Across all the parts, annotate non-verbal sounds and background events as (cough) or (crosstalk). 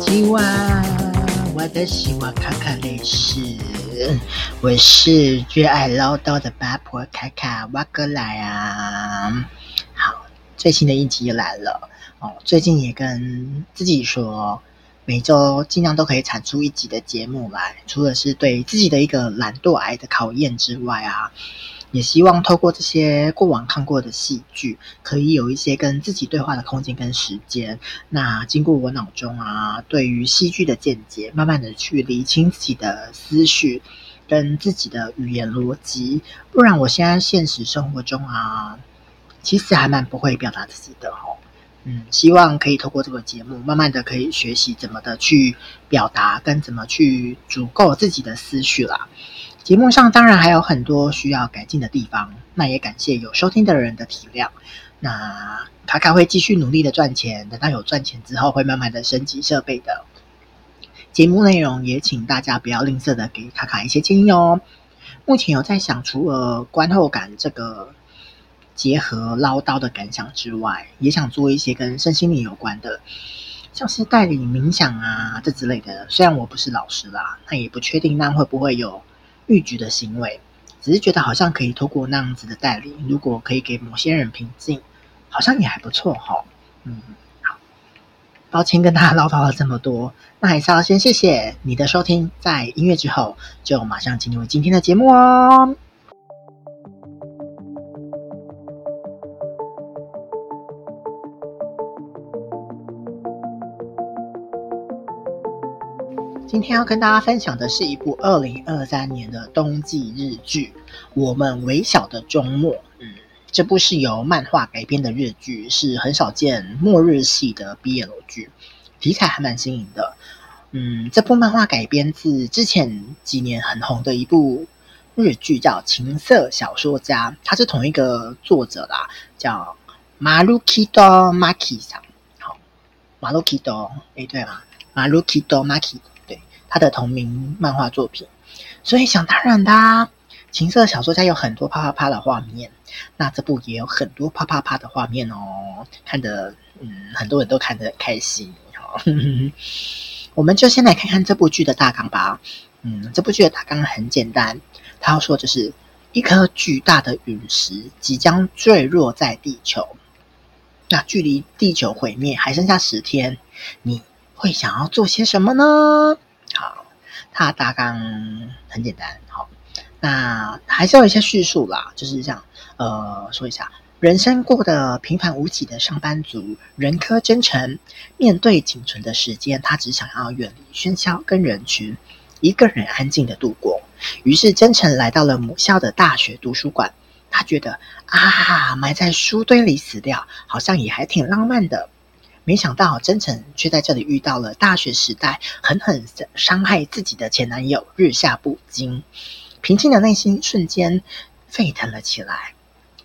今晚我的希望卡卡雷斯，我是最愛嘮叨的八婆卡卡瓦格來啊！好，最新的一集來了哦。最近也跟自己說，每周盡量都可以產出一集的節目來，除了是對自己的一個懶惰癌的考驗之外啊。也希望透過這些過往看過的戲劇，可以有一些跟自己對話的空間跟時間。那經過我腦中啊，對於戲劇的見解，慢慢的去理清自己的思緒跟自己的語言邏輯。不然我現在現實生活中啊，其實還蠻不會表達自己的哦。嗯，希望可以透過這個節目，慢慢的可以學習怎麼的去表達，跟怎麼去足夠自己的思緒啦。節目上當然還有很多需要改進的地方，那也感謝有收聽的人的體諒。那卡卡會繼續努力的賺錢，等到有賺錢之後，會慢慢的升級設備的。節目內容也請大家不要吝嗇的給卡卡一些建議哦。目前有在想，除了觀後感這個結合嘮叨的感想之外，也想做一些跟身心靈有關的，像是帶領冥想啊這之類的。雖然我不是老師啦，那也不確定那樣會不會有。玉局的行為，只是覺得好像可以透過那樣子的代理，如果可以給某些人平靜，好像也還不錯哈、哦。嗯，好，抱歉跟大家嘮叨了這麼多，那還是要先謝謝你的收聽，在音樂之後就馬上進入今天的節目哦。今天要跟大家分享的是一部二零二三年的冬季日劇，《我們微小的周末》。嗯，這部是由漫畫改編的日劇，是很少見末日系的 BL 劇，題材還蠻新穎的。嗯，這部漫畫改編自之前幾年很紅的一部日劇，叫《情色小說家》，它是同一個作者啦，叫馬魯基多馬基薩。好，馬 d 基多，誒，對 o 馬 m a 多馬基。他的同名漫畫作品，所以想當然的，情色小說家有很多啪啪啪的畫面，那這部也有很多啪啪啪的畫面哦看得，看的，嗯，很多人都看得開心、哦。 (laughs) 我們就先來看看這部劇的大綱吧。嗯，這部劇的大綱很簡單，它要說就是一顆巨大的隕石即將墜落在地球，那距離地球毀滅還剩下十天，你會想要做些什麼呢？他大綱很簡單，好，那還是要一些敘述啦，就是這樣，呃，說一下，人生過得平凡無奇的上班族仁科真誠，面對僅存的時間，他只想要遠離喧囂跟人群，一個人安靜的度過。於是真誠來到了母校的大學圖書館，他覺得啊，埋在書堆裡死掉，好像也還挺浪漫的。沒想到，真誠卻在這裡遇到了大學時代狠狠傷害自己的前男友日下部京，平靜的內心瞬間沸騰了起來。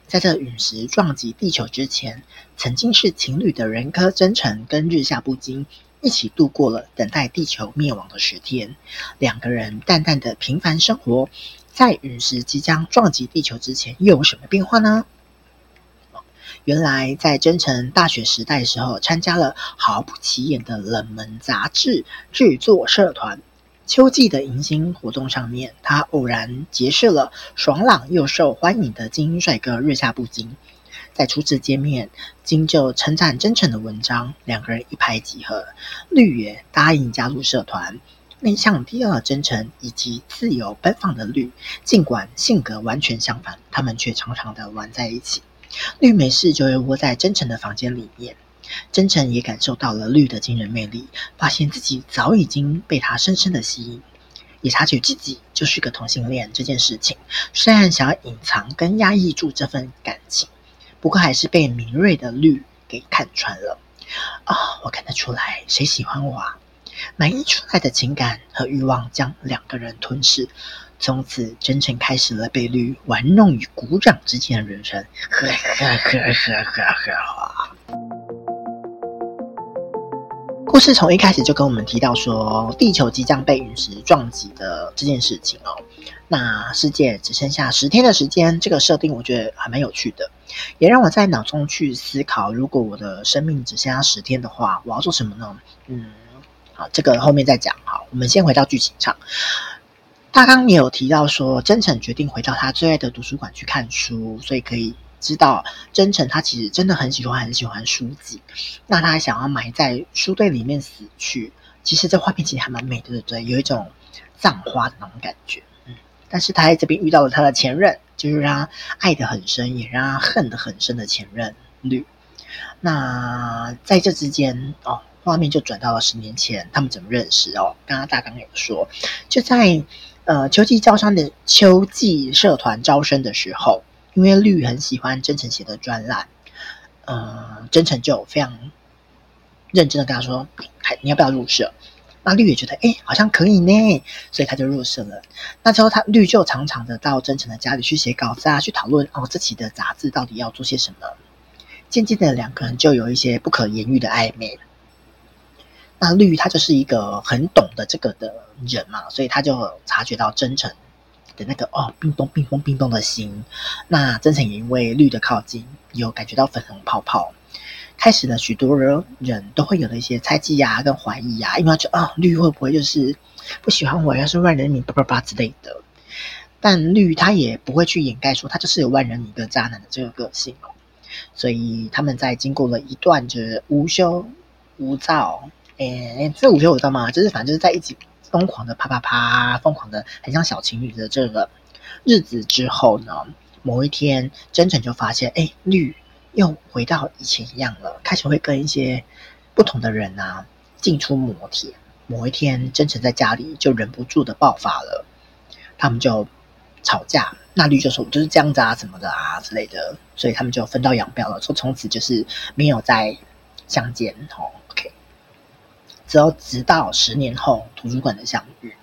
在這隕石撞擊地球之前，曾經是情侶的人科真誠跟日下部京一起度過了等待地球滅亡的十天，兩個人淡淡的平凡生活，在隕石即將撞擊地球之前又有什麼變化呢？原來在真誠大學時代時候，參加了毫不起眼的冷門雜誌製作社團。秋季的迎新活動上面，他偶然結識了爽朗又受歡迎的精英帥哥日下步京。在初次見面，京就稱讚真誠的文章，兩個人一拍即合。綠也答應加入社團。內向低調的真誠以及自由奔放的綠，儘管性格完全相反，他們卻常常的玩在一起。綠沒事，就會窩在真誠的房間裡面，真誠也感受到了綠的驚人魅力，發現自己早已經被他深深的吸引，也察覺自己就是個同性戀這件事情。雖然想要隱藏跟壓抑住這份感情，不過還是被敏銳的綠給看穿了。啊、哦，我看得出來，誰喜歡我？啊，滿溢出來的情感和欲望將兩個人吞噬。從此，真誠開始了被綠玩弄於鼓掌之間的人生。呵呵呵呵呵呵。故事從一開始就跟我們提到說，地球即將被隕石撞擊的這件事情哦。那世界只剩下十天的時間，這個設定我覺得還蠻有趣的，也讓我在腦中去思考，如果我的生命只剩下十天的話，我要做什麼呢？嗯，好，這個後面再講。好，我們先回到劇情上。大綱也有提到說，真誠決定回到他最愛的圖書館去看書，所以可以知道真誠他其實真的很喜歡很喜歡書籍。那他還想要埋在書堆裡面死去，其實這畫面其實還蠻美的，對不對？有一種葬花的那種感覺。嗯，但是他在這邊遇到了他的前任，就是讓他愛得很深，也讓他恨得很深的前任綠。那在這之間哦，畫面就轉到了十年前，他們怎麼認識哦？剛剛大綱有說，就在。呃，秋季招商，的秋季社團招生的時候，因為綠很喜歡真誠寫的專欄，呃，真誠就非常認真的跟他說：“還你要不要入社？”那綠也覺得，哎、欸，好像可以呢，所以他就入社了。那之後他綠就常常的到真誠的家裡去寫稿子啊，去討論哦這期的雜誌到底要做些什麼。漸漸的，兩個人就有一些不可言喻的曖昧了。那綠他就是一個很懂得這個的。人嘛，所以他就察覺到真誠的那個哦，冰凍、冰凍、冰凍的心。那真誠也因為綠的靠近，有感覺到粉紅泡泡，開始了許多人都會有的一些猜忌呀、啊、跟懷疑呀、啊，因為他就哦，綠會不會就是不喜歡我，要是萬人迷叭叭叭之類的？但綠他也不會去掩蓋說他就是有萬人迷的渣男的這個個性，所以他們在經過了一段就是無休無躁，哎、欸，這無休無躁嘛，就是反正就是在一起。瘋狂的啪啪啪，瘋狂的很像小情侶的這個日子之後呢，某一天，真誠就發現，哎，綠又回到以前一樣了，開始會跟一些不同的人啊進出摩鐵。某一天，真誠在家裡就忍不住的爆發了，他們就吵架。那綠就說：“我就是這樣子啊，什麼的啊之類的。”所以他們就分道揚鑣了，就從此就是沒有再相見哦。之後，直到十年後圖書館的相遇。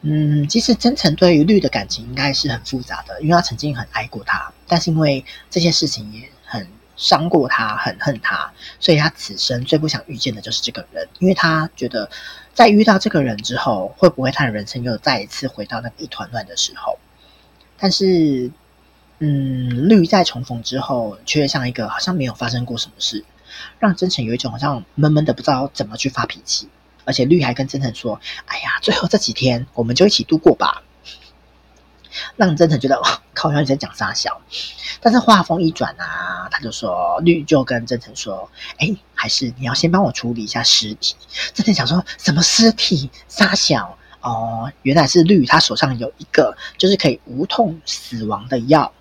嗯，其實真誠對於綠的感情應該是很複雜的，因為他曾經很愛過他，但是因為這些事情也很傷過他，很恨他，所以他此生最不想遇見的就是這個人，因為他覺得在遇到這個人之後，會不會他的人生又再一次回到那個一團亂的時候？但是，嗯，綠在重逢之後，却像一個好像沒有發生過什麼事。讓真誠有一種好像悶悶的不知道怎麼去發脾氣，而且綠還跟真誠說：“哎呀，最後這幾天我們就一起度過吧。”讓真誠覺得、哦、靠，原來你在講殺小。但是話鋒一轉啊，他就說綠就跟真誠說：“哎，還是你要先幫我處理一下屍體。”真誠想說什麼屍體殺小哦，原來是綠他手上有一個就是可以無痛死亡的藥。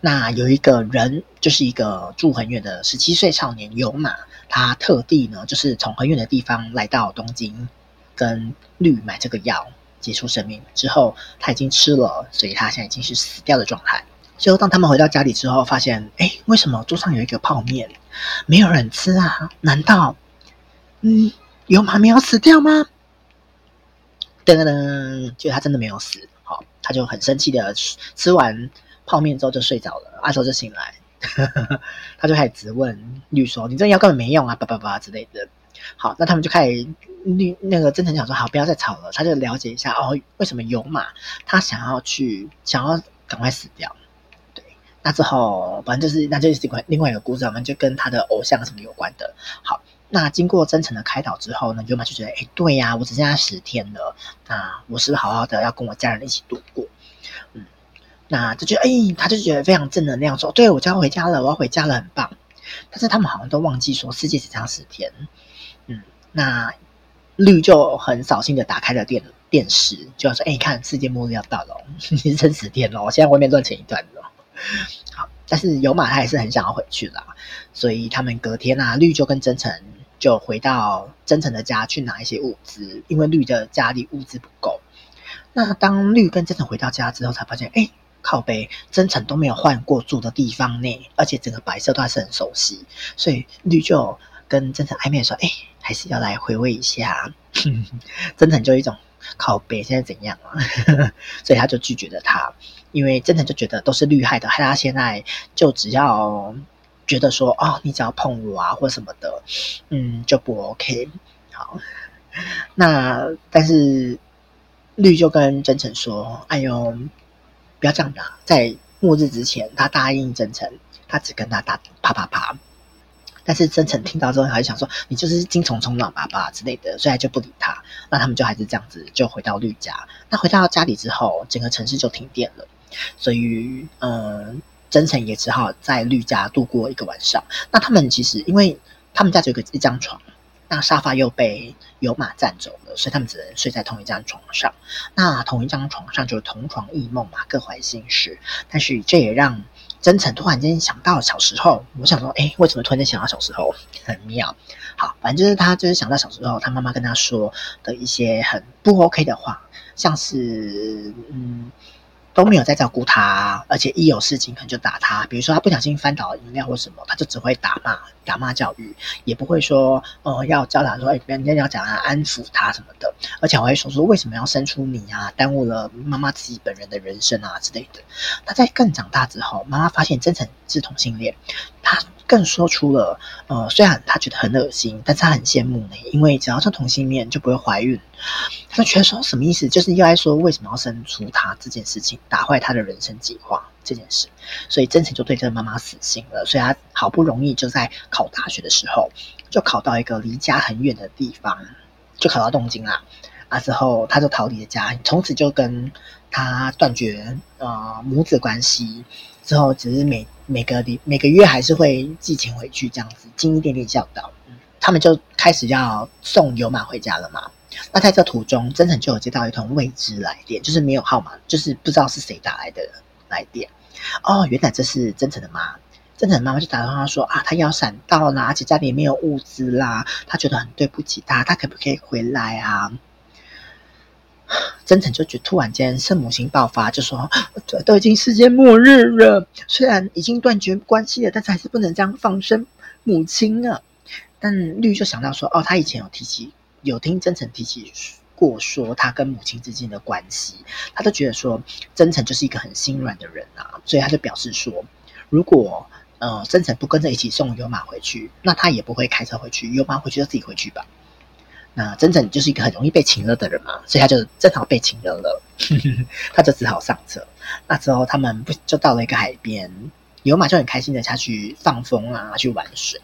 那有一個人，就是一個住很遠的十七歲少年遊馬，他特地呢，就是從很遠的地方來到東京，跟綠買這個藥結束生命之後，他已經吃了，所以他現在已經是死掉的狀態。之後當他們回到家裡之後，發現，哎，為什麼桌上有一個泡麵，沒有人吃啊？難道，嗯，遊馬沒有死掉嗎？噔噔噔，就他真的沒有死，好、哦，他就很生氣的吃完。泡麵之後就睡着了，阿、啊、手就醒來呵呵，他就開始質問綠說：“你這藥根本沒用啊！”叭叭叭之類的。好，那他們就開始綠那個真誠講說：“好，不要再吵了。”他就了解一下哦，為什麼尤馬他想要去，想要趕快死掉？對，那之後反正就是那就是另外另外一個故事，我們就跟他的偶像什麼有關的。好，那經過真誠的開導之後呢，尤馬就覺得：“哎、欸，對呀、啊，我只剩下十天了，那我是，是好好的要跟我家人一起度過。”那就覺得，哎、欸，他就覺得非常正能量，說，對我就要回家了，我要回家了，很棒。但是他們好像都忘記說，世界只差十天。嗯，那綠就很掃興的打開了電電視，就要說，哎、欸，看，世界末日要到了，只剩十天，我現在外面亂成一團了。好，但是有馬他還是很想要回去啦，所以他們隔天啊，綠就跟真誠就回到真誠的家去拿一些物資，因為綠的家裡物資不夠。那當綠跟真誠回到家之後，才發現，哎、欸。靠北，真誠都沒有換過住的地方呢，而且整個白色都還是很熟悉，所以綠就跟真誠曖昧說：“哎，還是要來回味一下。 (laughs) ”真誠就一種靠北現在怎樣了，啊？ (laughs) 所以他就拒絕了他，因為真誠就覺得都是綠害的，害他現在就只要覺得說：“哦，你只要碰我啊，或什麼的，嗯，就不 OK。”好，那但是綠就跟真誠說：“哎呦。”不要這樣打，在末日之前，他答應真誠，他只跟他打啪啪啪。但是真誠聽到之後，還是想說你就是金蟲蟲腦爸爸之類的，所以他就不理他。那他們就還是這樣子，就回到綠家。那回到家裡之後，整個城市就停電了，所以嗯，真誠也只好在綠家度過一個晚上。那他們其實因為他們家只有個一張床。那沙發又被有馬占走了，所以他們只能睡在同一張床上。那同一張床上就是同床異夢嘛，各懷心事。但是這也讓真誠突然間想到小時候。我想說，哎，為什麼突然間想到小時候？很妙。好，反正就是他就是想到小時候，他媽媽跟他說的一些很不 OK 的話，像是嗯。都沒有在照顧他，啊，而且一有事情可能就打他，比如說他不小心翻倒了飲料或什麼，他就只會打罵、打罵教育，也不會說，呃，要教他說，哎，欸，人家要講來，啊，安撫他什麼的。而且我會說說，為什麼要生出你啊？耽誤了媽媽自己本人的人生啊之類的。他在更長大之後，媽媽發現真誠是同性戀，他。更說出了，呃，雖然他覺得很噁心，但是他很羨慕你，因為只要是同性戀就不會懷孕。他就覺得說什麼意思，就是又愛說為什麼要生出他這件事情，打壞他的人生計劃這件事。所以真誠就對這個媽媽死心了，所以他好不容易就在考大學的時候，就考到一個離家很遠的地方，就考到東京啦。啊，之後他就逃離了家，從此就跟他斷絕，呃，母子關係。之後只是每。每個每個月還是會寄錢回去，這樣子盡一點點孝道、嗯、他們就開始要送油馬回家了嘛。那在這途中，真誠就有接到一通未知來電，就是沒有號碼，就是不知道是誰打來的來電。哦，原來這是真誠的媽。真誠的媽媽就打電話說啊，她腰閃到啦，而且家裡也沒有物資啦，她覺得很對不起她，她可不可以回來啊？真誠就覺得突然間聖母心爆發，就說這都已經世界末日了，雖然已經斷絕關係了，但是還是不能這樣放生母親啊。但綠就想到說，哦，他以前有提起，有聽真誠提起過說他跟母親之間的關係，他都覺得說真誠就是一個很心軟的人啊，所以他就表示說，如果呃真誠不跟着一起送尤馬回去，那他也不會開車回去，尤馬回去就自己回去吧。那真澄就是一個很容易被情勒的人嘛，所以他就正好被情勒了， (laughs) 他就只好上車。那之後他們不就到了一個海邊，遊馬就很開心的下去放風啊，去玩水。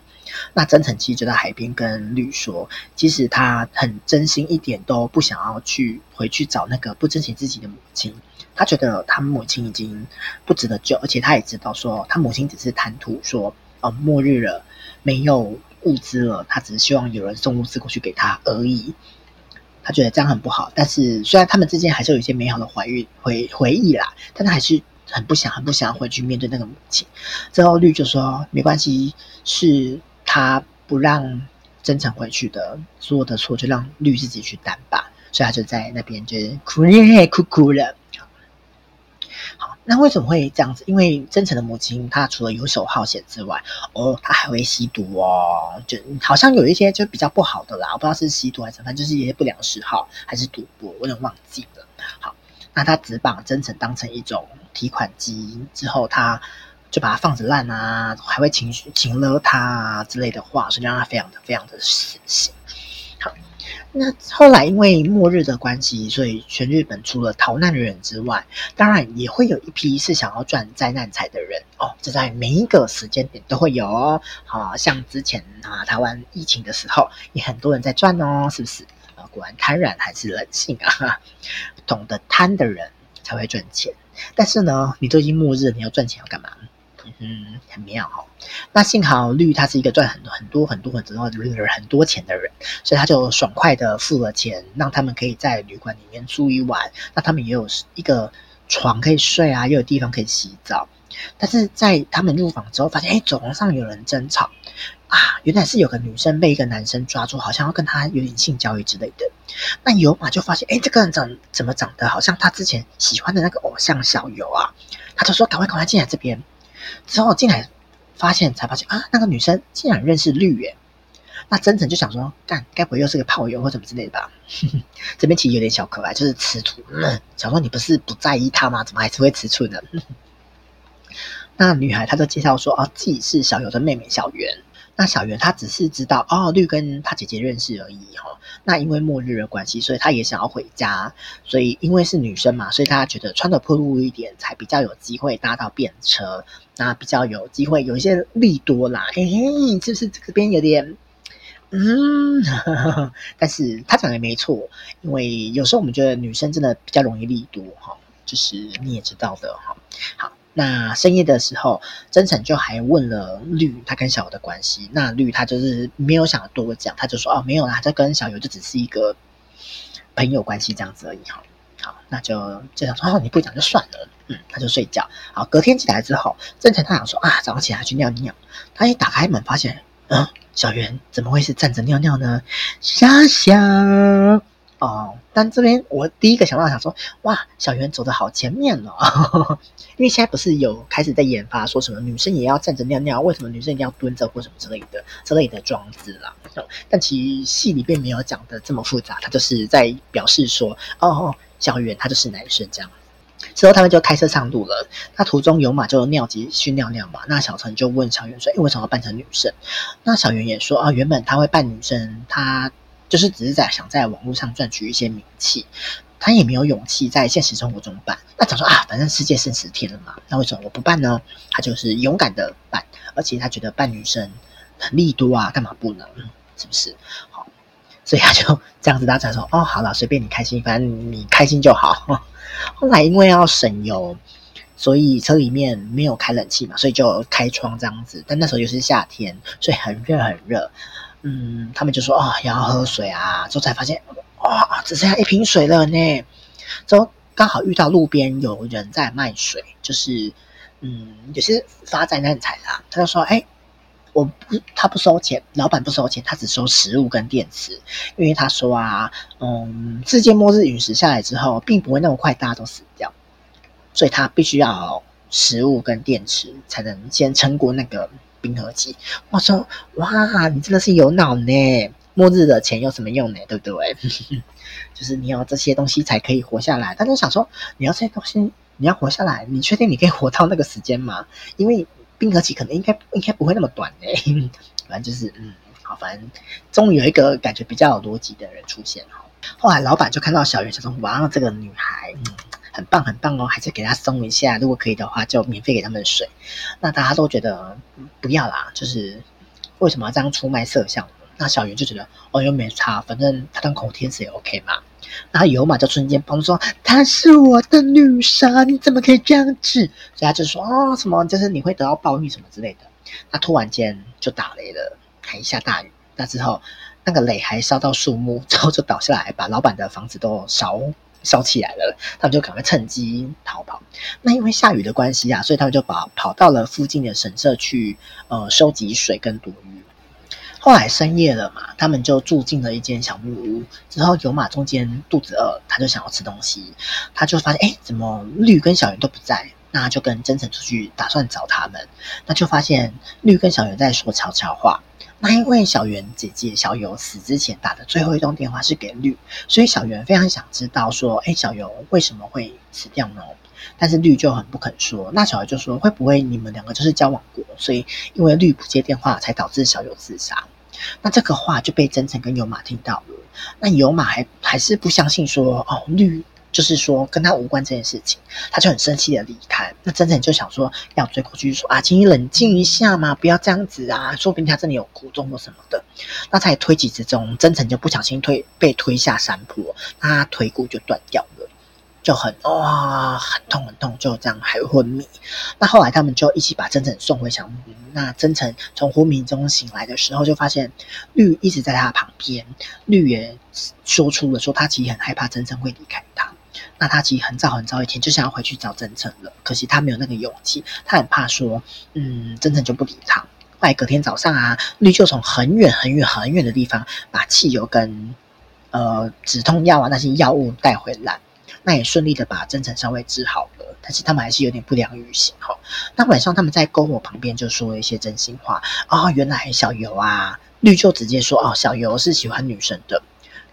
那真澄其實就到海邊跟綠說，其實他很真心一點都不想要去回去找那個不珍惜自己的母親，他覺得他母親已經不值得救，而且他也知道說他母親只是談吐說，呃，末日了，沒有。物資了，他只是希望有人送物資過去給他而已。他覺得這樣很不好，但是雖然他們之間還是有一些美好的懷孕回、回憶啦，但他還是很不想、很不想回去面對那個母親。之後綠就說：“沒關係，是他不讓真誠回去的，所有的錯就讓綠自己去擔吧。”所以他就在那邊就哭哭哭了。 (laughs) 那為什麼會這樣子？因為真誠的母親，她除了游手好閒之外，哦，她還會吸毒哦，就好像有一些就比較不好的啦，我不知道是吸毒還是反正就是一些不良嗜好，還是賭博，我有點忘記了。好，那他只把真誠當成一種提款機，之後他就把他放着爛啊，還會情情請勒他啊之類的話，所以讓他非常的非常的死心。那後來因為末日的關係，所以全日本除了逃難的人之外，當然也會有一批是想要賺災難財的人哦。這在每一個時間點都會有哦。好像之前啊，台灣疫情的時候，也很多人在賺哦，是不是？啊，果然貪婪還是人性啊！懂得貪的人才會賺錢，但是呢，你都已經末日了，你要賺錢要幹嘛？嗯，很妙哈、哦。那幸好綠他是一個賺很多很多很多很多很多很多錢的人，所以他就爽快的付了錢，讓他們可以在旅館裡面住一晚。那他們也有一個床可以睡啊，又有地方可以洗澡。但是在他們入房之後，發現哎、欸，走廊上有人爭吵啊，原來是有個女生被一個男生抓住，好像要跟他有點性交易之類的。那尤馬就發現，哎、欸，這個人長怎麼長得好像他之前喜歡的那個偶像小游啊？他就說，趕快趕快進來這邊。之後進來發現，才發現啊，那個女生竟然認識綠源，那真誠就想說，幹，該不會又是個炮友或什麼之類的吧？ (laughs) 這邊其實有點小可愛，就是吃醋、嗯。想說你不是不在意他嗎？怎麼還是會吃醋呢？ (laughs) 那女孩她就介紹說啊，自己是小游的妹妹小圓。那小圓她只是知道哦，綠跟她姐姐認識而已哈、哦。那因為末日的關係，所以她也想要回家。所以因為是女生嘛，所以她覺得穿的暴露一點才比較有機會搭到便車，那比較有機會有一些利多啦。嘿是不是這邊有點？嗯，呵呵但是他講的沒錯，因為有時候我們覺得女生真的比較容易利多哈、哦，就是你也知道的哈、哦。好。那深夜的時候，真澄就還問了綠他跟小游的關係。那綠他就是沒有想要多講，他就說哦沒有啦，這跟小游就只是一個朋友關係這樣子而已哈。好，那就就想說哦你不講就算了，嗯，他就睡覺。好，隔天起來之後，真澄他想說啊早上起來去尿一尿，他一打開門發現，嗯，小圓怎麼會是站着尿尿呢？遐想。哦，但這邊我第一個想到想說，哇，小圓走的好前面了哦， (laughs) 因為現在不是有開始在研發說什麼女生也要站着尿尿，為什麼女生一定要蹲着或什麼之類的這類的裝置啦，嗯。但其實戲裡邊沒有講的這麼複雜，他就是在表示說，哦小圓他就是男生這樣。之後他們就開車上路了，那途中有馬就尿急去尿尿嘛，那小陳就問小圓說，為什麼要扮成女生？那小圓也說，啊、哦，原本他會扮女生，他。就是只是在想在網絡上賺取一些名氣，他也沒有勇氣在現實生活中辦。那講說啊，反正世界剩十天了嘛，那為什麼我不辦呢？他就是勇敢的辦，而且他覺得扮女生很利多啊，幹嘛不能，嗯？是不是？好，所以他就這樣子，他才說哦，好了，隨便你開心，反正你開心就好。後來因為要省油，所以車裡面沒有開冷氣嘛，所以就開窗這樣子。但那時候又是夏天，所以很熱很熱。嗯，他們就說啊，哦、要，要喝水啊，之後才發現，哇、哦，只剩下一瓶水了呢。之後剛好遇到路邊有人在賣水，就是，嗯，有些發災難財啦、啊。他就說，哎，我不，他不收錢，老板不收錢，他只收食物跟電池，因為他說啊，嗯，世界末日隕石下來之後，並不會那麼快大家都死掉，所以他必須要食物跟電池才能先撐過那個。冰河期。我說，哇，你真的是有腦呢！末日的錢有什麼用呢？對不對？就是你有這些東西才可以活下來。大家想說，你要這些東西，你要活下來，你確定你可以活到那個時間嗎？因為冰河期可能應該應該不會那麼短呢。反正就是嗯，好，反正終於有一個感覺比較有邏輯的人出現哈。後來老板就看到小魚想說哇，這個女孩。嗯很棒很棒哦，還是給他鬆一下，如果可以的話，就免費給他們水。那大家都覺得不要啦，就是為什麼要這樣出賣色相？那小圓就覺得哦，又沒差，反正他當口天使也 OK 嘛。那有嘛叫瞬間友說他是我的女神，你怎麼可以這樣子？所以他就說哦，什麼就是你會得到報應什麼之類的。那突然間就打雷了，還下大雨。那之後那個雷還燒到樹木，之後就倒下來，把老板的房子都燒。燒起來了，他們就趕快趁機逃跑。那因為下雨的關係啊，所以他們就把跑，跑到了附近的神社去，呃，收集水跟躲雨。後來深夜了嘛，他們就住進了一間小木屋。之後有馬中間肚子餓，他就想要吃東西，他就發現哎、欸，怎麼綠跟小圓都不在？那就跟真誠出去打算找他們，那就發現綠跟小圓在說悄悄話。那因為小圓姐姐小游死之前打的最後一通電話是給綠，所以小圓非常想知道說，哎、欸，小游為什麼會死掉呢？但是綠就很不肯說。那小圓就說，會不會你們兩個就是交往過，所以因為綠不接電話才導致小游自殺？那這個話就被真澄跟有馬聽到了。那有馬還還是不相信說，哦，綠。就是說跟他無關這件事情，他就很生氣的離開。那真誠就想說要追過去說啊，請你冷靜一下嘛，不要這樣子啊，說不定他真的有苦衷或什麼的。那在推擠之中，真誠就不小心推被推下山坡，那他腿骨就斷掉了，就很哇、哦、很痛很痛，就這樣還會昏迷。那後來他們就一起把真誠送回小木屋。那真誠從昏迷中醒來的時候，就發現綠一直在他的旁邊，綠也說出了說他其實很害怕真誠會離開他。那他其實很早很早以前就想要回去找真誠了，可惜他沒有那個勇氣，他很怕說，嗯，真誠就不理他。後來隔天早上啊，綠就從很遠很遠很遠的地方把汽油跟，呃，止痛藥啊那些藥物帶回來，那也順利的把真誠稍微治好了。但是他們還是有點不良於行哈、哦。那晚上他們在篝火旁邊就說了一些真心話啊、哦，原來小游啊，綠就直接說哦，小游是喜歡女生的。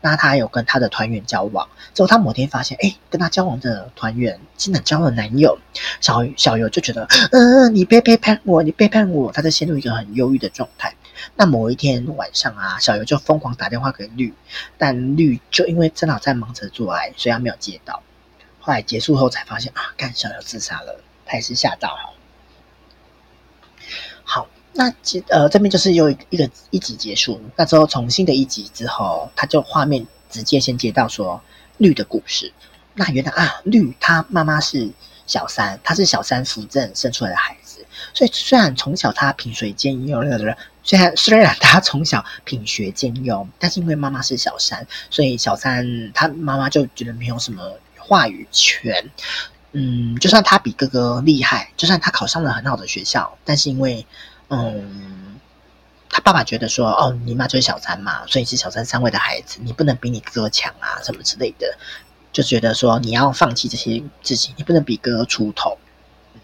那他有跟他的團員交往，之後他某天發現，哎，欸，跟他交往的團員竟然交了男友，小小游就覺得，嗯，呃，你別背，背叛我，你背叛我，他就陷入一個很憂鬱的狀態。那某一天晚上啊，小游就瘋狂打電話給綠，但綠就因為正好在忙着做愛，所以他沒有接到。後來結束後才發現啊，幹，小游自殺了，他也是嚇到了。好。那其呃，這邊就是又一個、一、個一集結束，那之後重新的一集之後，他就畫面直接先接到說綠的故事。那原來啊，綠他媽媽是小三，他是小三扶正生出來的孩子，所以雖然從小他品學兼優，那個雖然雖然他從小品學兼優，但是因為媽媽是小三，所以小三他媽媽就覺得沒有什麼話語權。嗯，就算他比哥哥厲害，就算他考上了很好的學校，但是因為嗯，他爸爸覺得說，哦，你媽就是小三嘛，所以你是小三上位的孩子，你不能比你哥強啊，什麼之類的，就覺得說你要放棄這些事情，你不能比哥哥出頭，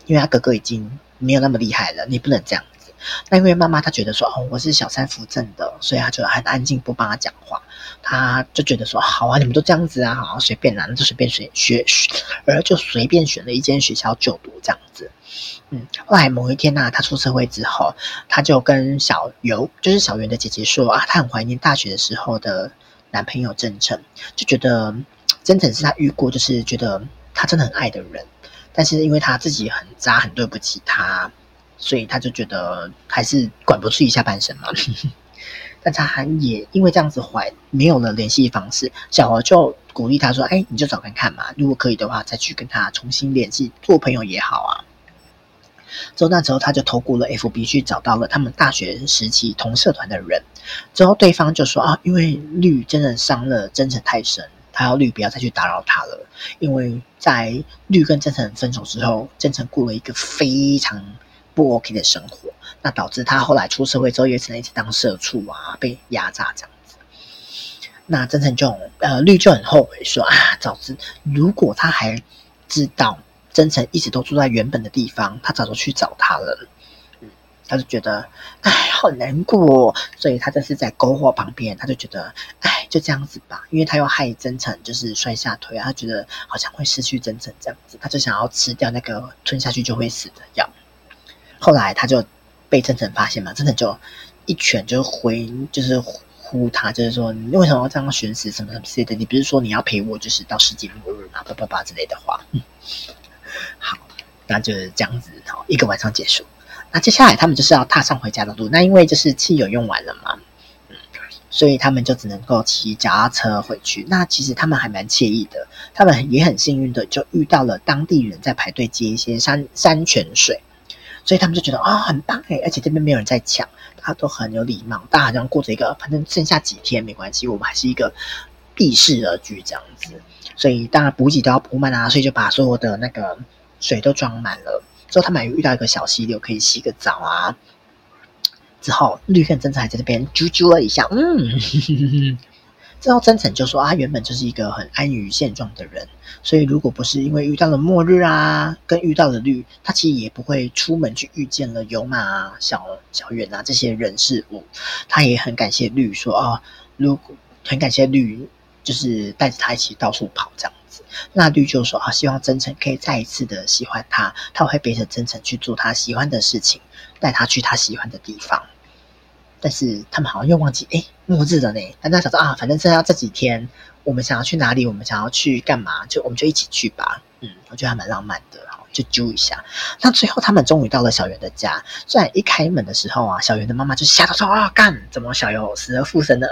因為他哥哥已經沒有那麼厲害了，你不能這樣子。那因為媽媽她覺得說，哦，我是小三扶正的，所以她就很安靜，不幫他講話。他就覺得說，好啊，你們都這樣子啊，好啊，隨便啦、啊，那就隨便選學，學，而就隨便選了一間學校就讀這樣子。嗯，後來某一天呢、啊、他出社會之後，他就跟小游，就是小圓的姐姐說啊，他很懷念大學的時候的男朋友真誠，就覺得真誠是他遇過，就是覺得他真的很愛的人，但是因為他自己很渣，很對不起他，所以他就覺得還是管不住一下半身嘛。 (laughs) 但他還也因為這樣子懷沒有了聯繫方式，小何就鼓勵他說：“哎，你就找看看嘛，如果可以的話，再去跟他重新聯繫，做朋友也好啊。”之後那時候他就透過了 FB 去找到了他們大學時期同社團的人，之後對方就說：“啊，因為綠真的傷了真誠太深，他要綠不要再去打擾他了，因為在綠跟真誠分手之後，真誠過了一個非常不 OK 的生活。”那導致他後來出社會之後，也只能一直當社畜啊，被壓榨這樣子。那真誠就呃綠就很後悔說，說啊，早知如果他還知道真誠一直都住在原本的地方，他早就去找他了。嗯，他就覺得哎，好難過哦。所以他這是在篝火旁邊，他就覺得哎，就這樣子吧，因為他要害真誠就是摔下腿啊，他覺得好像會失去真誠這樣子，他就想要吃掉那個吞下去就會死的藥。後來他就。被真誠發現嘛，真的就一拳就回，就是呼，呼他，就是說你為什麼要這樣尋死？什麼什麼之類的，你不是說你要陪我，就是到世界末日嘛，叭叭叭之類的話。嗯。好，那就是這樣子哦，一個晚上結束。那接下來他們就是要踏上回家的路，那因為就是汽油用完了嘛，嗯，所以他們就只能夠騎腳踏車回去。那其實他們還蠻愜意的，他們也很幸運的就遇到了當地人在排隊接一些山山泉水。所以他們就覺得啊、哦，很棒哎，而且這邊沒有人在搶，他都很有禮貌，大家這樣過着一個，反正剩下幾天沒關係，我們還是一個避世而居這樣子。所以當然補給都要補滿啊，所以就把所有的那個水都裝滿了。之後他們還遇到一個小溪流，可以洗個澡啊。之後綠箭真察在這邊啾啾了一下，嗯。 (laughs) 知道真誠就說啊，原本就是一個很安於現狀的人，所以如果不是因為遇到了末日啊，跟遇到了綠，他其實也不會出門去遇見了有馬啊、小小遠啊這些人事物。他也很感謝綠，說啊，如果很感謝綠，就是帶着他一起到處跑這樣子。那綠就說啊，希望真誠可以再一次的喜歡他，他會陪着真誠去做他喜歡的事情，帶他去他喜歡的地方。但是他們好像又忘記，哎、欸，末日了呢。但他想說啊，反正剩下幾天，我們想要去哪裡，我們想要去幹嘛，就我們就一起去吧。嗯，我覺得還蠻浪漫的，就揪一下。那最後他們終於到了小圓的家，雖然一開門的時候啊，小圓的媽媽就嚇到說，啊幹，怎麼小優死而復生呢？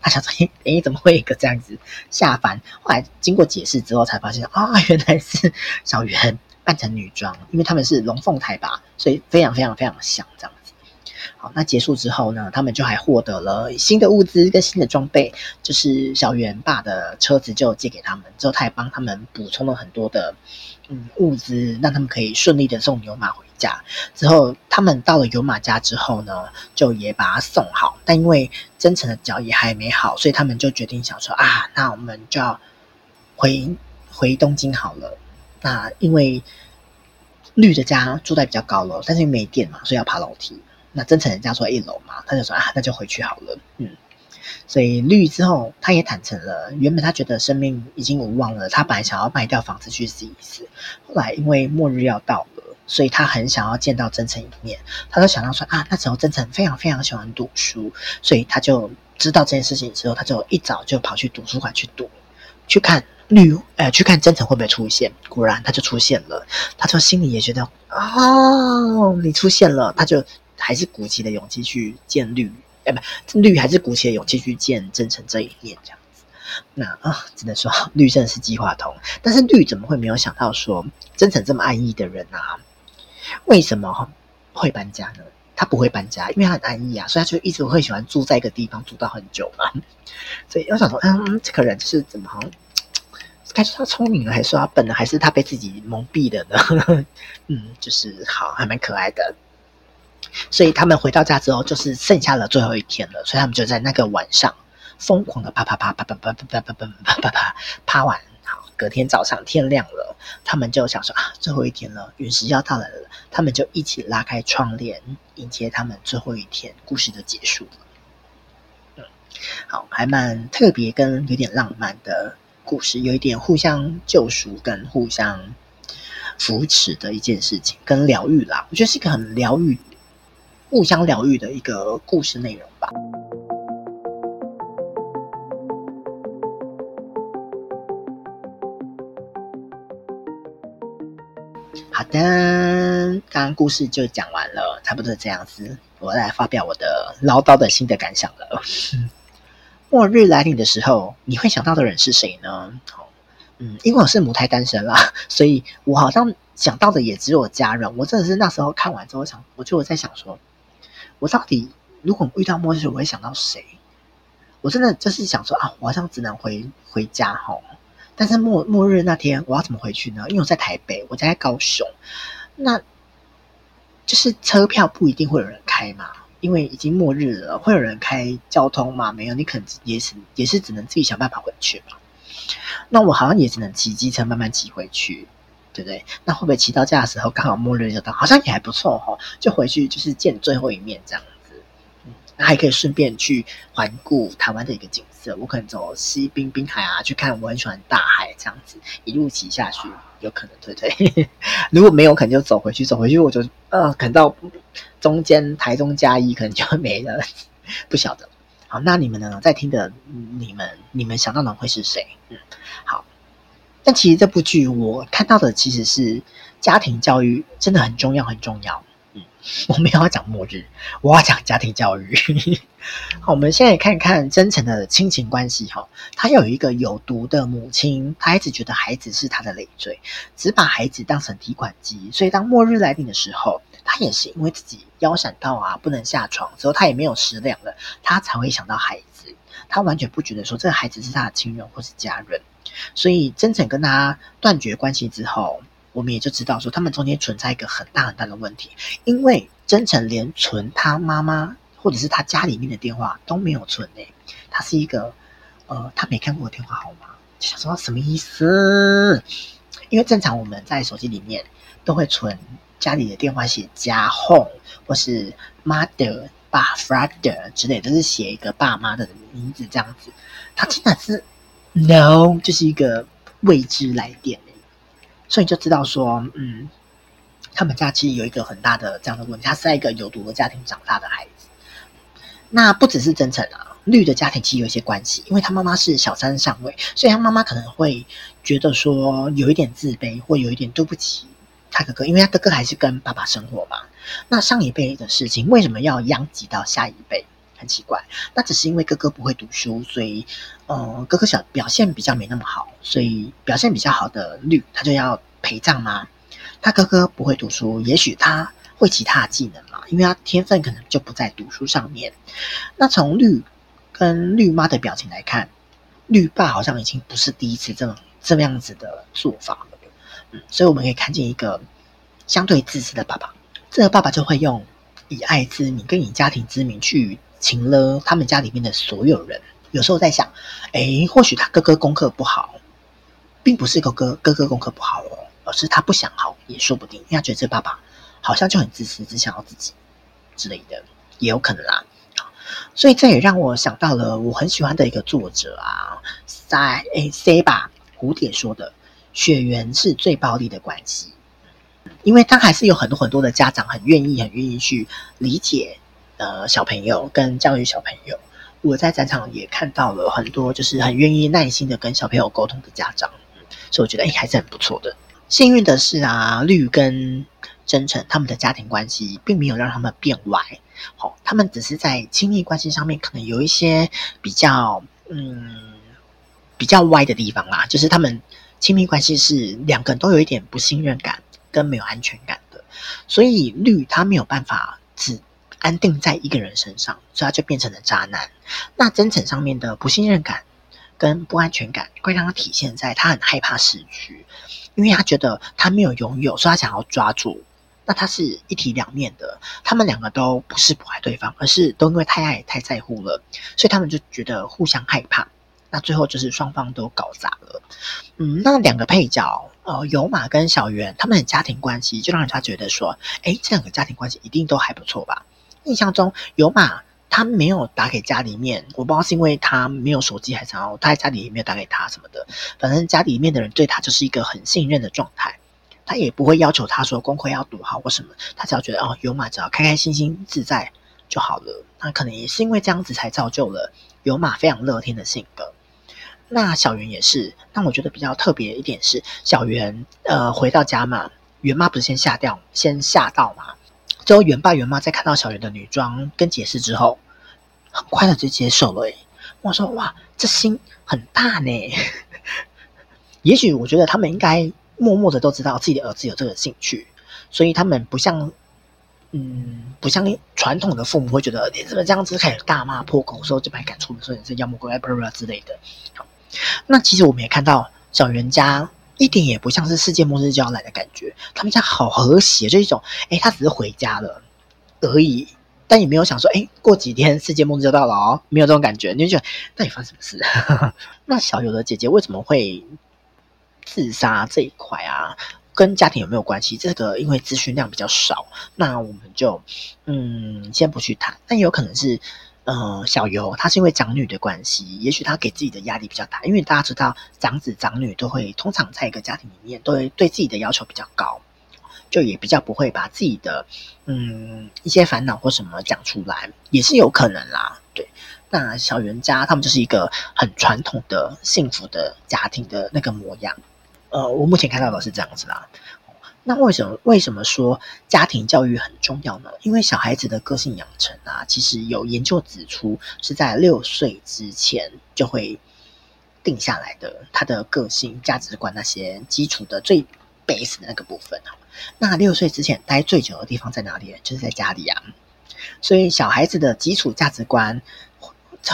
他、嗯、想說，哎、欸，怎麼會一個這樣子下凡？後來經過解釋之後，才發現啊，原來是小圓扮成女裝，因為他們是龍鳳胎吧，所以非常非常非常像這樣。那結束之後呢，他們就還獲得了新的物資跟新的裝備，就是小圓爸的車子就借給他們，之後他還幫他們補充了很多的嗯物資，讓他們可以順利的送牛馬回家。之後他們到了有馬家之後呢，就也把它送好。但因為真誠的腳也還沒好，所以他們就決定想說啊，那我們就要回回東京好了。那因為綠的家住在比較高樓，但是沒電嘛，所以要爬樓梯。那真誠人家說一樓嘛，他就說啊，那就回去好了。嗯，所以綠之後他也坦誠了，原本他覺得生命已經無望了，他本來想要賣掉房子去試一試，後來因為末日要到了，所以他很想要見到真誠一面。他就想到說啊，那時候真誠非常非常喜歡讀書，所以他就知道這件事情之後，他就一早就跑去圖書館去讀，去看綠，呃，去看真誠會不會出現。果然他就出現了，他就心裡也覺得哦，你出現了，他就。還是鼓起了勇氣去見綠，哎，不，綠還是鼓起了勇氣去見真誠這一面，這樣子。那啊，只、哦、能說綠色是計劃通，但是綠怎麼會沒有想到說真誠這麼安逸的人啊，為什麼會搬家呢？他不會搬家，因為他很安逸啊，所以他就一直會喜歡住在一個地方，住到很久嘛。所以我想說，嗯，這個人就是怎麼好像，該說他聰明了，還是說他笨了，還是他被自己蒙蔽了呢？ (laughs) 嗯，就是好，還蠻可愛的。所以他們回到家之後，就是剩下了最後一天了。所以他們就在那個晚上瘋狂的啪啪啪啪啪啪啪啪啪啪啪啪完。好，隔天早上天亮了，他們就想說啊，最後一天了，隕石要到來了，他們就一起拉開窗簾，迎接他們最後一天故事的結束。嗯，好，還蠻特別跟有點浪漫的故事，有一點互相救贖跟互相扶持的一件事情，跟療癒啦，我覺得是一個很療癒的。互相療癒的一個故事內容吧。好的，剛剛故事就講完了，差不多這樣子。我來發表我的嘮叨的心得感想了。是末日來臨的時候，你會想到的人是誰呢？嗯，因為我是母胎單身啦，所以我好像想到的也只有家人。我真的是那時候看完之後想，我就在想說。我到底如果遇到末日時，我會想到誰？我真的就是想說啊，我好像只能回回家哦。但是末末日那天，我要怎麼回去呢？因為我在台北，我在高雄，那就是車票不一定會有人開嘛，因為已經末日了，會有人開交通嘛？沒有，你可能也是也是只能自己想辦法回去嘛。那我好像也只能騎機車慢慢騎回去。對不對？那會不會騎到家的時候剛好末日就到？好像也還不錯哈、哦，就回去就是見最後一面這樣子、嗯。那還可以順便去環顧台灣的一個景色。我可能走西濱濱海啊，去看我很喜歡大海這樣子，一路騎下去有可能對不對呵呵？如果沒有，可能就走回去。走回去我就呃，可能到中間台中加一，可能就沒了，不曉得。好，那你們呢？在聽的你們，你們想到的會是誰？嗯，好。但其實這部劇我看到的其實是家庭教育真的很重要很重要。嗯，我沒有要講末日，我要講家庭教育。 (laughs) 好，我們現在看看真誠的親情關係。哈，他有一個有毒的母親，她一直覺得孩子是他的累贅，只把孩子當成提款機。所以當末日來臨的時候，他也是因為自己腰閃到啊，不能下床之後，他也沒有食糧了，他才會想到孩子。他完全不覺得說這個孩子是他的親人或是家人。所以真誠跟他斷絕關係之後，我們也就知道說，他們中間存在一個很大很大的問題。因為真誠連存他媽媽或者是他家裡面的電話都沒有存誒、欸，他是一個呃他沒看過的電話號碼，就想說什麼意思？因為正常我們在手機裡面都會存家裡的電話，寫家 home 或是 mother 爸，father 爸之類，都，就是寫一個爸媽的名字這樣子。他竟然是。嗯 No，就是一個未知來電，所以就知道說，嗯，他們家其實有一個很大的這樣的問題，他是在一個有毒的家庭長大的孩子。那不只是真誠啊，綠的家庭其實有一些關係，因為他媽媽是小三上位，所以他媽媽可能會覺得說有一點自卑，或有一點對不起他哥哥，因為他哥哥還是跟爸爸生活嘛。那上一輩的事情為什麼要殃及到下一輩？奇怪，那只是因為哥哥不會讀書，所以，嗯、呃，哥哥小表現比較沒那麼好，所以表現比較好的綠，他就要陪葬嗎、啊？他哥哥不會讀書，也許他會其他的技能嘛，因為他天分可能就不在讀書上面。那從綠跟綠媽的表情來看，綠爸好像已經不是第一次這種這麼樣子的做法了，嗯，所以我們可以看見一個相對自私的爸爸，這個爸爸就會用以愛之名跟以家庭之名去。請了他們家裡面的所有人。有時候在想，哎，或許他哥哥功課不好，並不是個哥哥，哥哥功課不好哦，而是他不想好也說不定。因為他覺得這爸爸好像就很自私，只想要自己之類的，也有可能啦。所以這也讓我想到了我很喜歡的一個作者啊，Seba 吧，蝴蝶說的血緣是最暴力的關係，因為他還是有很多很多的家長很願意很願意去理解。呃，小朋友跟教育小朋友，我在展場也看到了很多，就是很願意耐心的跟小朋友溝通的家長，所以我覺得，哎，還是很不錯的。幸運的是啊，綠跟真誠他們的家庭關係並沒有讓他們變歪，哦，他們只是在親密關係上面可能有一些比較，嗯，比較歪的地方啦，就是他們親密關係是兩個人都有一點不信任感跟沒有安全感的，所以綠他沒有辦法止。安定在一個人身上，所以他就變成了渣男。那真誠上面的不信任感跟不安全感，會讓他體現在他很害怕失去，因為他覺得他沒有擁有，所以他想要抓住。那他是一體兩面的，他們兩個都不是不愛對方，而是都因為太愛太在乎了，所以他們就覺得互相害怕。那最後就是雙方都搞砸了。嗯，那兩個配角，呃，有馬跟小圓，他們的家庭關係就讓人家覺得說，哎，這兩個家庭關係一定都還不錯吧？印象中有馬，他沒有打給家裡面，我不知道是因為他沒有手機，還是他在家裡也沒有打給他什麼的。反正家裡面的人對他就是一個很信任的狀態，他也不會要求他說功課要讀好或什麼，他只要覺得哦，有馬只要開開心心自在就好了。那可能也是因為這樣子，才造就了有馬非常樂天的性格。那小圓也是，但我覺得比較特別一點是，小圓呃回到家嘛，圓媽不是先嚇掉，先嚇到嘛。之後，袁爸袁媽在看到小袁的女裝跟解釋之後，很快的就接受了，欸。我說哇，這心很大呢。 (laughs) 也許我覺得他們應該默默的都知道自己的兒子有這個興趣，所以他們不像，嗯，不像傳統的父母會覺得你這個這樣子開始大罵破口，說這還敢出門說你是妖魔鬼怪，不兒之類的。那其實我們也看到小袁家。一點也不像是世界末日就要來的感覺，他們家好和諧，就一種誒、欸、他只是回家了而已，但也沒有想說誒、欸、過幾天世界末日就到了哦，沒有這種感覺，你就覺得到底發生什麼事？ (laughs) 那小友的姐姐為什麼會自殺這一塊啊，跟家庭有沒有關係？這個因為資訊量比較少，那我們就嗯先不去談，但也有可能是。呃，小尤她是因為長女的關係，也許她給自己的壓力比較大，因為大家知道長子長女都會通常在一個家庭裡面都會對自己的要求比較高，就也比較不會把自己的嗯一些煩惱或什麼講出來，也是有可能啦。對，那小袁家他們就是一個很傳統的幸福的家庭的那個模樣，呃，我目前看到的是這樣子啦。那為什麼為什麼說家庭教育很重要呢？因為小孩子的個性養成啊，其實有研究指出是在六歲之前就會定下來的，他的個性、價值觀那些基礎的最 base 的那個部分啊。那六歲之前待最久的地方在哪裡？就是在家裡啊。所以小孩子的基礎價值觀。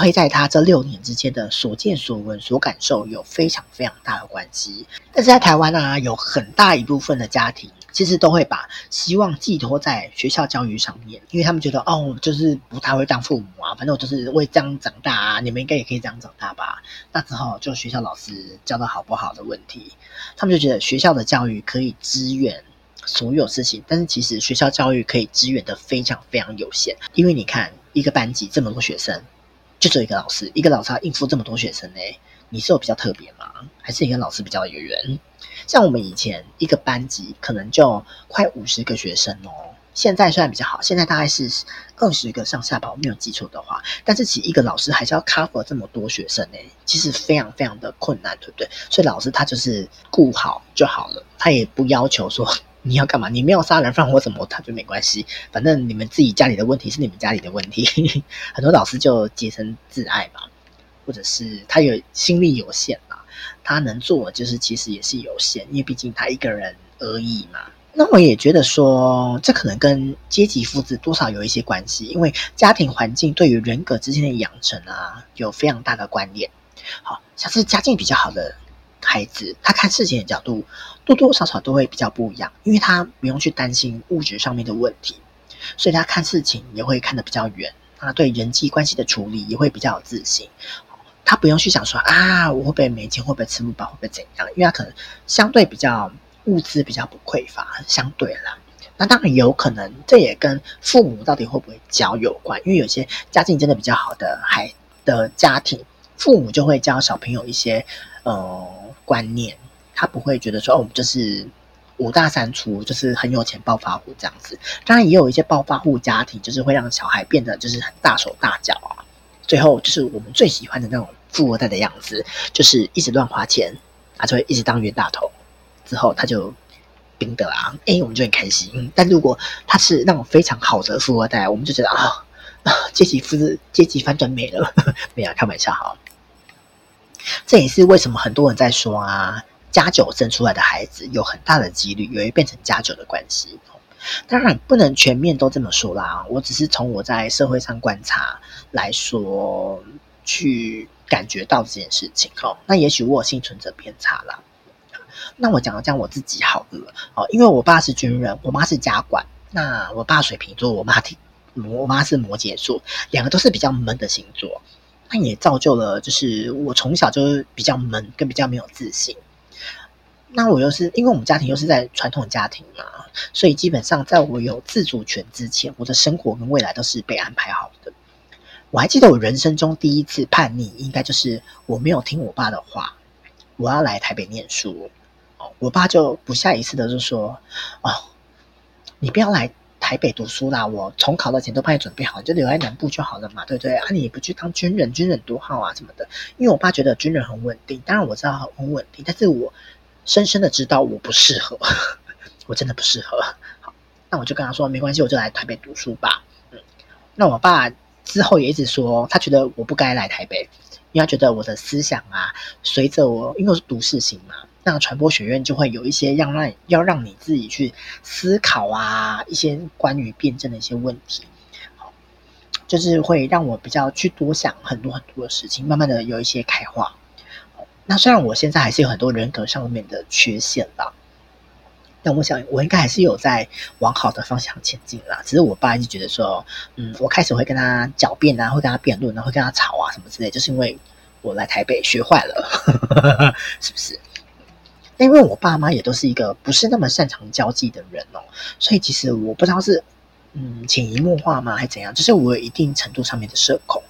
會在他這六年之間的所見所聞所感受有非常非常大的關係。但是在台灣啊，有很大一部分的家庭其實都會把希望寄托在學校教育上面，因為他們覺得哦，就是不太會當父母啊，反正我就是會這樣長大啊，你們應該也可以這樣長大吧。那時候就學校老師教的好不好的問題，他們就覺得學校的教育可以支援所有事情，但是其實學校教育可以支援的非常非常有限，因為你看一個班級這麼多學生。就只有一個老師，一個老師要應付這麼多學生呢、欸？你是有比較特別嗎？還是一個老師比較有緣？像我們以前一個班級可能就快五十個學生哦，現在雖然比較好，現在大概是二十個上下吧，我沒有記錯的話，但是其實一個老師還是要 cover 這麼多學生呢、欸，其實非常非常的困難，對不對？所以老師他就是顧好就好了，他也不要求說。你要幹嘛？你沒有殺人犯火什麼，他就沒關係。反正你們自己家裡的問題是你們家裡的問題。 (laughs) 很多老師就潔身自愛嘛，或者是他有心力有限嘛，他能做就是其實也是有限，因為畢竟他一個人而已嘛。那我也覺得說，這可能跟階級複製多少有一些關係，因為家庭環境對於人格之間的養成啊，有非常大的關聯。好，像是家境比較好的。孩子他看事情的角度多多少少都會比較不一樣，因為他不用去擔心物質上面的問題，所以他看事情也會看得比較遠。他對人際關係的處理也會比較有自信。他不用去想說啊，我會不會沒錢，會不會吃不飽，會不會怎樣？因為他可能相對比較物質比較不匱乏，相對啦。那當然有可能，這也跟父母到底會不會教有關。因為有些家境真的比較好的孩子的家庭，父母就會教小朋友一些，呃。觀念，他不會覺得說哦，我們就是五大三粗，就是很有錢暴發戶這樣子。當然，也有一些暴發戶家庭，就是會讓小孩變得就是很大手大腳啊。最後，就是我們最喜歡的那種富二代的樣子，就是一直亂花錢啊，就會一直當冤大頭。之後他就兵得啊，哎，我們就很開心，嗯。但如果他是那種非常好的富二代，我們就覺得啊，啊，哦，階，哦，級複製，階級翻轉美了，美 (laughs) 啊，開玩笑哈。好這也是為什麼很多人在說啊，家酒生出來的孩子有很大的幾率也會變成家酒的關係。當然不能全面都這麼說啦，我只是從我在社會上觀察來說，去感覺到這件事情。哦，那也許我幸存者偏差啦。那我講講我自己好了哦，因為我爸是軍人，我媽是家管。那我爸水瓶座，我媽我媽是摩羯座，兩個都是比較悶的星座。但也造就了，就是我從小就比較悶，跟比較沒有自信。那我又是因為我們家庭又是在傳統家庭嘛，所以基本上在我有自主權之前，我的生活跟未來都是被安排好的。我還記得我人生中第一次叛逆，應該就是我沒有聽我爸的話，我要來台北念書。哦，我爸就不下一次的就說，哦，你不要來。台北讀書啦，我重考的錢都幫你準備好，就留在南部就好了嘛，對不對？啊，你不去當軍人，軍人多好啊，什麼的。因為我爸覺得軍人很穩定，當然我知道很穩定，但是我深深的知道我不適合，我真的不適合。好，那我就跟他說沒關係，我就來台北讀書吧。嗯，那我爸之後也一直說，他覺得我不該來台北，因為他覺得我的思想啊，隨着我，因為我是獨事型嘛。那傳播學院就會有一些要讓要讓你自己去思考啊，一些關於辯證的一些問題，好，就是會讓我比較去多想很多很多的事情，慢慢的有一些開化。那雖然我現在還是有很多人格上面的缺陷啦，但我想我應該還是有在往好的方向前進啦，只是我爸一直覺得說，嗯，我開始會跟他狡辯啊，會跟他辯論，然後會跟他吵啊什麼之類，就是因為我來台北學壞了， (laughs) 是不是？因為我爸媽也都是一個不是那麼擅長交際的人哦，所以其實我不知道是嗯潛移默化嗎，還是怎樣，就是我有一定程度上面的社恐。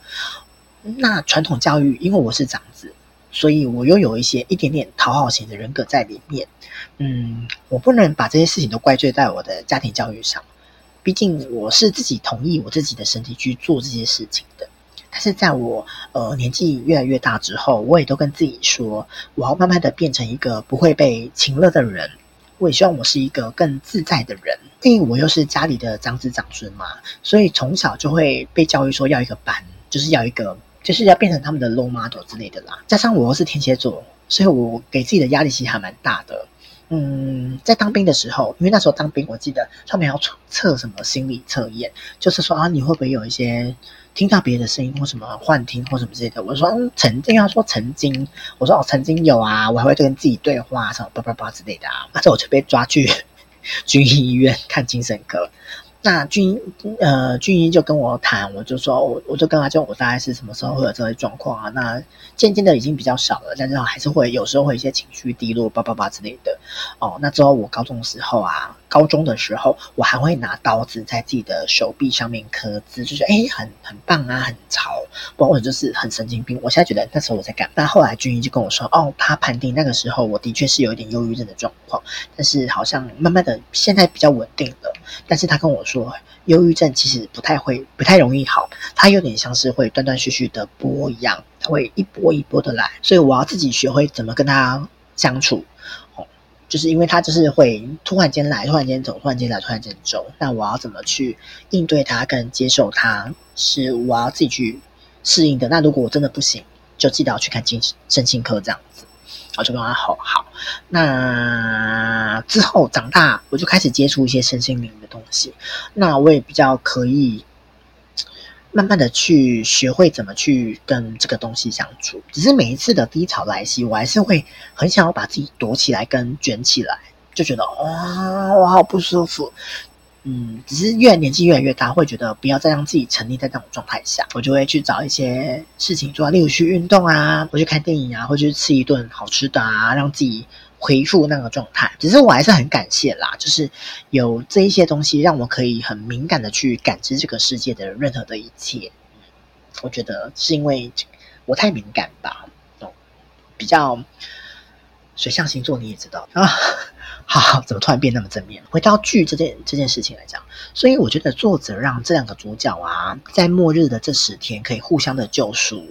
那傳統教育，因為我是長子，所以我又有一些一點點討好型的人格在裡面。嗯，我不能把這些事情都怪罪在我的家庭教育上，畢竟我是自己同意我自己的身體去做這些事情的。但是在我呃年紀越來越大之後，我也都跟自己說，我要慢慢的變成一個不會被情勒的人。我也希望我是一個更自在的人。因為我又是家裡的長子長孫嘛，所以從小就會被教育說要一個班，就是要一個，就是要變成他們的 role model 之類的啦。加上我又是天蠍座，所以我給自己的壓力其實還蠻大的。嗯，在當兵的時候，因為那時候當兵，我記得上面要測什麼心理測驗，就是說啊，你會不會有一些。聽到別的聲音或什麼幻聽或什麼之類的，我說曾經，要說曾經，我說哦曾經有啊，我還會跟自己對話，什麼叭叭叭之類的、啊。那之後我就被抓去軍醫醫院看精神科。那軍醫呃軍醫就跟我談，我就說我我就跟他講我大概是什麼時候會有這些狀況啊。嗯、那漸漸的已經比較少了，但是還是會有時候會一些情緒低落叭叭叭之類的。哦，那之後我高中的時候啊。高中的時候，我還會拿刀子在自己的手臂上面刻字，就是誒、欸、很很棒啊，很潮，或者就是很神經病。我現在覺得那時候我在幹。但後來軍醫就跟我說，哦，他判定那個時候我的確是有一點憂鬱症的狀況，但是好像慢慢的現在比較穩定了。但是他跟我說，憂鬱症其實不太會，不太容易好，它有點像是會斷斷續續的波一樣，它會一波一波的來，所以我要自己學會怎麼跟他相處。就是因為他就是會突然間來，突然間走，突然間來，突然間走。那我要怎麼去應對他跟接受他，是我要自己去適應的。那如果我真的不行，就記得要去看精神身心科這樣子。我就跟他好好。那之後長大，我就開始接觸一些身心靈的東西。那我也比較可以。慢慢的去學會怎麼去跟這個東西相處，只是每一次的低潮來襲，我還是會很想要把自己躲起來跟捲起來，就覺得哇，我好不舒服。嗯，只是越年紀越來越大，會覺得不要再讓自己沉溺在這種狀態下，我就會去找一些事情做，例如去運動啊，或去看電影啊，或去吃一頓好吃的啊，讓自己。回復那個狀態，只是我還是很感謝啦，就是有這一些東西讓我可以很敏感的去感知這個世界的任何的一切。我覺得是因為我太敏感吧，哦，比較水象星座你也知道啊。好，怎麼突然變那麼正面？回到劇這件這件事情來講，所以我覺得作者讓這兩個主角啊在末日的這十天可以互相的救贖，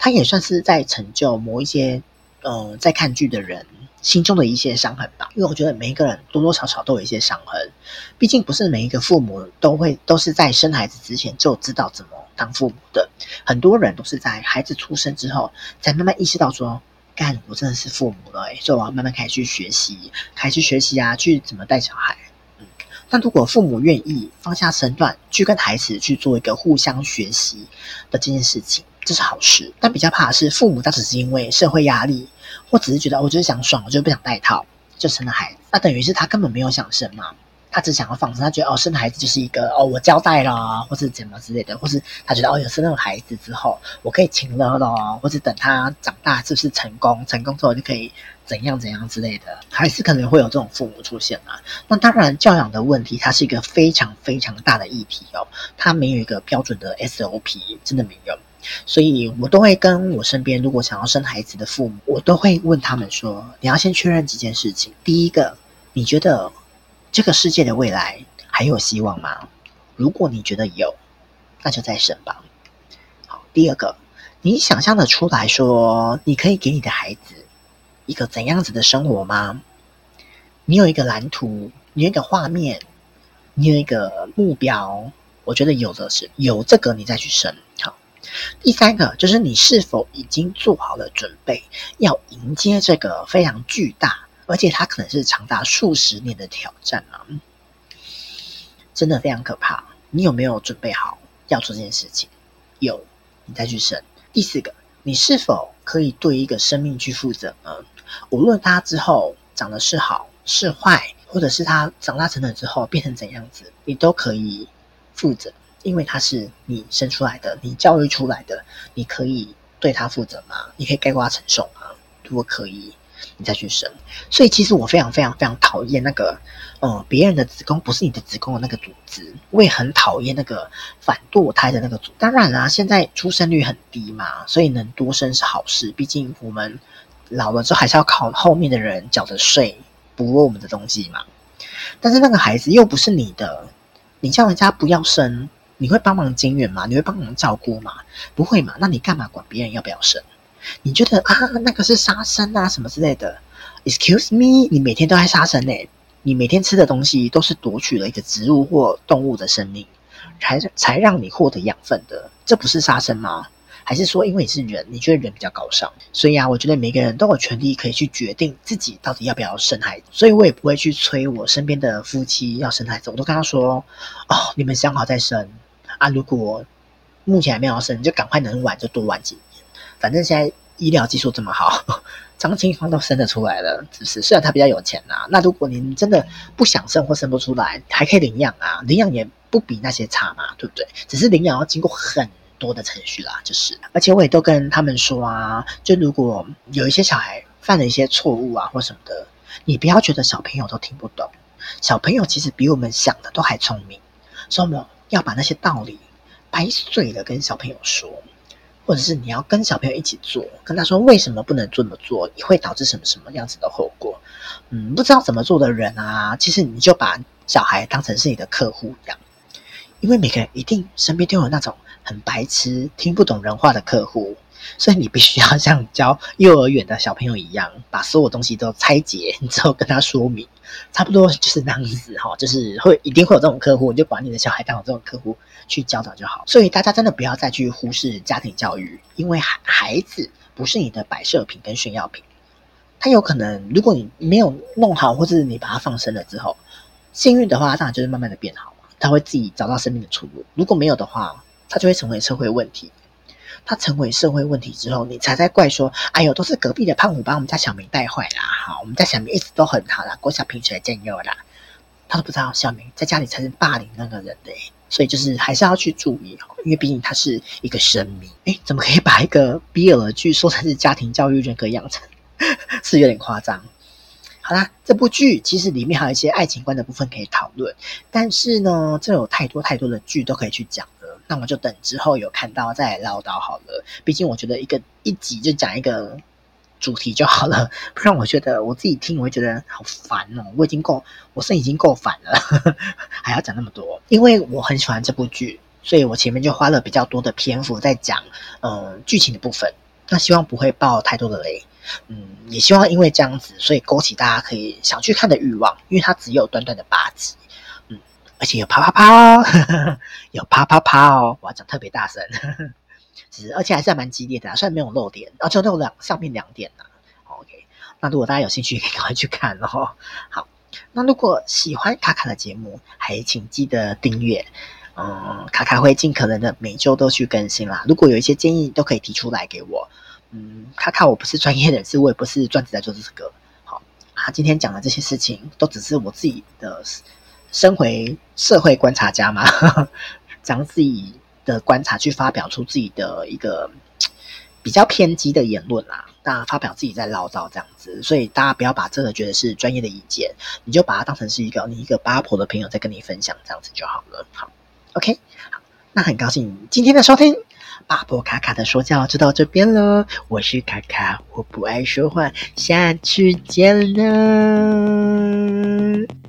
他也算是在成就某一些呃在看劇的人。心中的一些傷痕吧，因為我覺得每一個人多多少少都有一些傷痕，畢竟不是每一個父母都會都是在生孩子之前就知道怎麼當父母的，很多人都是在孩子出生之後才慢慢意識到說，幹我真的是父母了，欸，所以我要慢慢開始去學習，開始學習啊，去怎麼帶小孩。嗯，那如果父母願意放下身段去跟孩子去做一個互相學習的這件事情，這是好事。但比較怕的是，父母當時是因為社會壓力，或只是覺得、哦，我就是想爽，我就是不想戴套，就生了孩子。那等於是他根本沒有想生嘛，他只想要放生。他覺得哦，生了孩子就是一個哦，我交代了，或是怎麼之類的，或是他覺得哦，有生了孩子之後，我可以清了了，或是等他長大是不是成功？成功之後就可以怎樣怎樣之類的，還是可能會有這種父母出現嘛？那當然，教養的問題，它是一個非常非常大的議題哦，它沒有一個標準的 SOP，真的沒有。所以我都會跟我身邊如果想要生孩子的父母，我都會問他們說：“你要先確認幾件事情。第一個，你覺得這個世界的未來還有希望嗎？如果你覺得有，那就再生吧。好，第二個，你想象的出來說，你可以給你的孩子一個怎樣子的生活嗎？你有一個藍圖，你有一個畫面，你有一個目標。我覺得有的是，有這個你再去生好。”第三個就是你是否已經做好了準備，要迎接這個非常巨大，而且它可能是長達數十年的挑戰啊！真的非常可怕，你有沒有準備好要做這件事情？有，你再去生。第四個，你是否可以對一個生命去負責呢？無論他之後長得是好是壞，或者是他長大成人之後變成怎樣子，你都可以負責。因為他是你生出來的，你教育出來的，你可以對他負責嗎？你可以概括承受嗎？如果可以，你再去生。所以其實我非常非常非常討厭那個，嗯、呃，別人的子宮不是你的子宮的那個組織。我也很討厭那個反墮胎的那個組。當然啦，現在出生率很低嘛，所以能多生是好事。畢竟我們老了之後還是要靠後面的人繳的稅補我們的東西嘛。但是那個孩子又不是你的，你叫人家不要生。你會幫忙金援嗎？你會幫忙照顧嗎？不會嘛？那你幹嘛管別人要不要生？你覺得啊，那個是殺生啊，什麼之類的？Excuse me，你每天都在殺生嘞、欸！你每天吃的東西都是奪取了一個植物或動物的生命，才才讓你獲得養分的，這不是殺生嗎？還是說，因為你是人，你覺得人比較高尚？所以啊，我覺得每個人都有權利可以去決定自己到底要不要生孩子。所以我也不會去催我身邊的夫妻要生孩子，我都跟他說：哦，你們想好再生。啊，如果目前還沒有生，你就趕快能晚就多晚幾年。反正現在醫療技術這麼好，張清芳都生得出來了，是不是？雖然他比較有錢吶、啊。那如果您真的不想生或生不出來，還可以領養啊，領養也不比那些差嘛，對不對？只是領養要經過很多的程序啦，就是。而且我也都跟他們說啊，就如果有一些小孩犯了一些錯誤啊或什麼的，你不要覺得小朋友都聽不懂，小朋友其實比我們想的都還聰明，說沒有。要把那些道理掰碎了跟小朋友說，或者是你要跟小朋友一起做，跟他說為什麼不能這麼做，你會導致什麼什麼樣子的後果。嗯，不知道怎麼做的人啊，其實你就把小孩當成是你的客戶一樣，因為每個人一定身邊都有那種很白痴、聽不懂人話的客戶，所以你必須要像教幼兒園的小朋友一樣，把所有東西都拆解，你之後跟他說明。差不多就是那樣子哈，就是會一定會有這種客戶，你就把你的小孩當成這種客戶去教導就好。所以大家真的不要再去忽視家庭教育，因為孩孩子不是你的擺設品跟炫耀品。他有可能，如果你沒有弄好，或者你把他放生了之後，幸運的話他當然就是慢慢的變好嘛，他會自己找到生命的出路。如果沒有的話，他就會成為社會問題。他成為社會問題之後，你才在怪說：“哎呦，都是隔壁的胖虎把我們家小明帶壞啦。」好，我們家小明一直都很好啦，郭小平學兼優啦。他都不知道小明在家裡才是霸凌那個人的、欸、所以就是還是要去注意，因為畢竟他是一個神明、欸、怎麼可以把一個 BL 的劇說成是家庭教育人格養成， (laughs) 是有點誇張。好啦，這部劇其實裡面還有一些愛情觀的部分可以討論，但是呢，這有太多太多的劇都可以去講的。那我就等之後有看到再嘮叨好了。畢竟我覺得一個一集就講一個主題就好了，不然我覺得我自己聽我會覺得好煩哦。我已經夠，我是已經夠煩了呵呵，還要講那麼多。因為我很喜歡這部劇，所以我前面就花了比較多的篇幅在講嗯、呃、劇情的部分。那希望不會爆太多的雷，嗯，也希望因為這樣子，所以勾起大家可以想去看的慾望，因為它只有短短的八集。而且有啪啪啪哦，呵呵，有啪啪啪哦，我要講特別大聲，是呵呵，而且還是蠻激烈的，雖然沒有露點，而、啊、就露了上面兩點 OK，那如果大家有興趣，可以趕快去看哦。好，那如果喜歡卡卡的節目，還請記得訂閱。嗯，卡卡會盡可能的每周都去更新啦。如果有一些建議，都可以提出來給我。嗯，卡卡我不是專業人士，我也不是專職在做這首、個、歌。好，他、啊、今天講的這些事情，都只是我自己的。身為社會觀察家嘛，呵呵，將自己的觀察去發表出自己的一個比較偏激的言論啊，大家發表自己在嘮叨這樣子，所以大家不要把這個覺得是專業的意見，你就把它當成是一個你一個八婆的朋友在跟你分享這樣子就好了，好，OK，好，那很高興今天的收聽，八婆卡卡的說教就到這邊了。我是卡卡，我不愛說話，下次見了。